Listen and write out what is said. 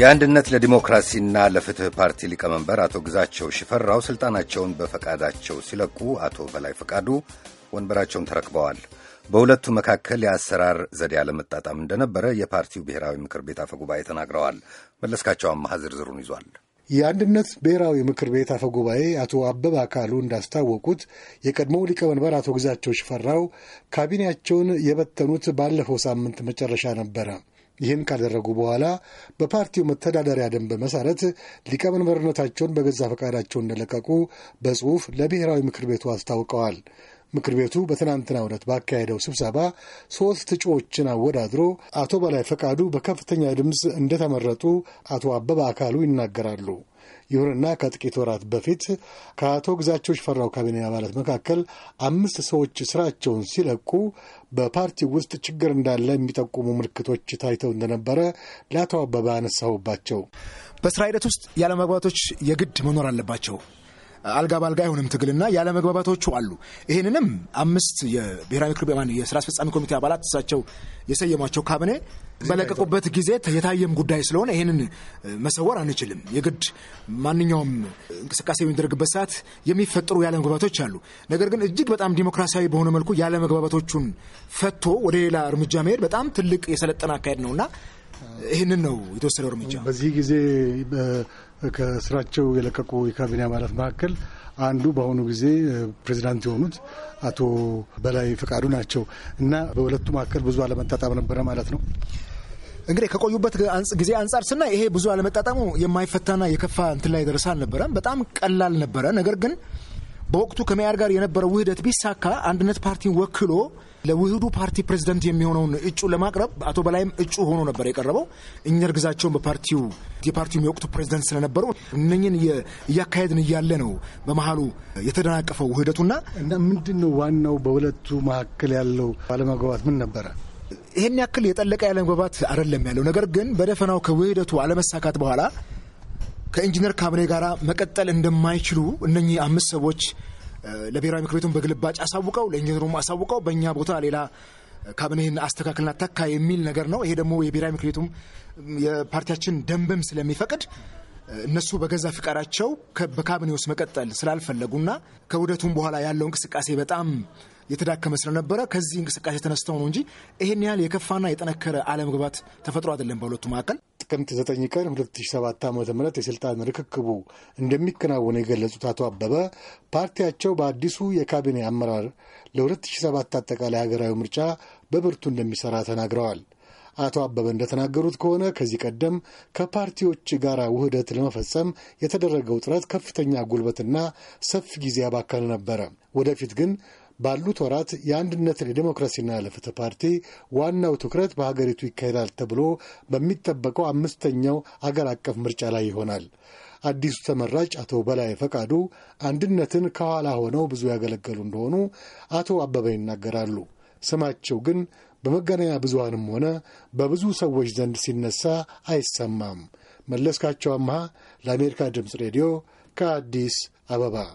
የአንድነት ለዲሞክራሲና ለፍትህ ፓርቲ ሊቀመንበር አቶ ግዛቸው ሽፈራው ሥልጣናቸውን በፈቃዳቸው ሲለቁ አቶ በላይ ፈቃዱ ወንበራቸውን ተረክበዋል። በሁለቱ መካከል የአሰራር ዘዴ አለመጣጣም እንደነበረ የፓርቲው ብሔራዊ ምክር ቤት አፈ ጉባኤ ተናግረዋል። መለስካቸው አማሃ ዝርዝሩን ይዟል። የአንድነት ብሔራዊ ምክር ቤት አፈ ጉባኤ አቶ አበበ አካሉ እንዳስታወቁት የቀድሞው ሊቀመንበር አቶ ግዛቸው ሽፈራው ካቢኔያቸውን የበተኑት ባለፈው ሳምንት መጨረሻ ነበረ። ይህን ካደረጉ በኋላ በፓርቲው መተዳደሪያ ደንብ መሰረት ሊቀመንበርነታቸውን በገዛ ፈቃዳቸው እንደለቀቁ በጽሁፍ ለብሔራዊ ምክር ቤቱ አስታውቀዋል። ምክር ቤቱ በትናንትናው ዕለት ባካሄደው ስብሰባ ሶስት እጩዎችን አወዳድሮ አቶ በላይ ፈቃዱ በከፍተኛ ድምፅ እንደተመረጡ አቶ አበበ አካሉ ይናገራሉ። ይሁንና ከጥቂት ወራት በፊት ከአቶ ግዛቸው ሽፈራው ካቢኔ አባላት መካከል አምስት ሰዎች ስራቸውን ሲለቁ በፓርቲ ውስጥ ችግር እንዳለ የሚጠቁሙ ምልክቶች ታይተው እንደነበረ ለአቶ አበበ አነሳሁባቸው። በስራ ሂደት ውስጥ ያለመግባቶች የግድ መኖር አለባቸው አልጋ በአልጋ አይሆንም ትግልና ያለመግባባቶቹ አሉ። ይህንንም አምስት የብሔራዊ ምክር የስራ አስፈጻሚ ኮሚቴ አባላት እሳቸው የሰየሟቸው ካቢኔ በለቀቁበት ጊዜ የታየም ጉዳይ ስለሆነ ይህንን መሰወር አንችልም። የግድ ማንኛውም እንቅስቃሴ የሚደረግበት ሰዓት የሚፈጠሩ ያለመግባባቶች አሉ። ነገር ግን እጅግ በጣም ዲሞክራሲያዊ በሆነ መልኩ ያለመግባባቶቹን ፈቶ ወደ ሌላ እርምጃ መሄድ በጣም ትልቅ የሰለጠነ አካሄድ ነውና ይህንን ነው የተወሰደው እርምጃ። በዚህ ጊዜ ከስራቸው የለቀቁ የካቢኔ አባላት መካከል አንዱ በአሁኑ ጊዜ ፕሬዚዳንት የሆኑት አቶ በላይ ፈቃዱ ናቸው እና በሁለቱ መካከል ብዙ አለመጣጣም ነበረ ማለት ነው። እንግዲህ ከቆዩበት ጊዜ አንጻር ስናይ ይሄ ብዙ አለመጣጣሙ የማይፈታና የከፋ እንትን ላይ ደረሰ አልነበረም። በጣም ቀላል ነበረ። ነገር ግን በወቅቱ ከመያር ጋር የነበረው ውህደት ቢሳካ አንድነት ፓርቲን ወክሎ ለውህዱ ፓርቲ ፕሬዚደንት የሚሆነውን እጩ ለማቅረብ አቶ በላይም እጩ ሆኖ ነበር የቀረበው። እኛ እርግዛቸውን በፓርቲው የፓርቲውም የወቅቱ ፕሬዚደንት ስለነበሩ እነኝን እያካሄድን እያለ ነው በመሀሉ የተደናቀፈው ውህደቱና እና ምንድን ነው ዋናው በሁለቱ መካከል ያለው አለመግባባት ምን ነበረ? ይህን ያክል የጠለቀ ያለመግባባት አይደለም ያለው ነገር ግን በደፈናው ከውህደቱ አለመሳካት በኋላ ከኢንጂነር ካብኔ ጋር መቀጠል እንደማይችሉ እነኚህ አምስት ሰዎች ለብሔራዊ ምክር ቤቱን በግልባጭ አሳውቀው ለኢንጂነሩም አሳውቀው በእኛ ቦታ ሌላ ካቢኔህን አስተካክልና ተካ የሚል ነገር ነው። ይሄ ደግሞ የብሔራዊ ምክር ቤቱም የፓርቲያችን ደንብም ስለሚፈቅድ እነሱ በገዛ ፍቃዳቸው በካቢኔ ውስጥ መቀጠል ስላልፈለጉና ከውህደቱም በኋላ ያለው እንቅስቃሴ በጣም የተዳከመ ስለነበረ ከዚህ እንቅስቃሴ ተነስተው ነው እንጂ ይህን ያህል የከፋና የጠነከረ አለመግባት ተፈጥሮ አይደለም በሁለቱ መካከል። ጥቅምት 9 ቀን 2007 ዓ ም የሥልጣን ርክክቡ እንደሚከናወን የገለጹት አቶ አበበ ፓርቲያቸው በአዲሱ የካቢኔ አመራር ለ2007 አጠቃላይ ሀገራዊ ምርጫ በብርቱ እንደሚሠራ ተናግረዋል። አቶ አበበ እንደተናገሩት ከሆነ ከዚህ ቀደም ከፓርቲዎች ጋር ውህደት ለመፈጸም የተደረገው ጥረት ከፍተኛ ጉልበትና ሰፊ ጊዜ ያባከነ ነበረ። ወደፊት ግን ባሉት ወራት የአንድነት ለዲሞክራሲና ለፍትህ ፓርቲ ዋናው ትኩረት በሀገሪቱ ይካሄዳል ተብሎ በሚጠበቀው አምስተኛው አገር አቀፍ ምርጫ ላይ ይሆናል። አዲሱ ተመራጭ አቶ በላይ ፈቃዱ አንድነትን ከኋላ ሆነው ብዙ ያገለገሉ እንደሆኑ አቶ አበበ ይናገራሉ። ስማቸው ግን በመገናኛ ብዙሃንም ሆነ በብዙ ሰዎች ዘንድ ሲነሳ አይሰማም። መለስካቸው አምሃ ለአሜሪካ ድምፅ ሬዲዮ ከአዲስ አበባ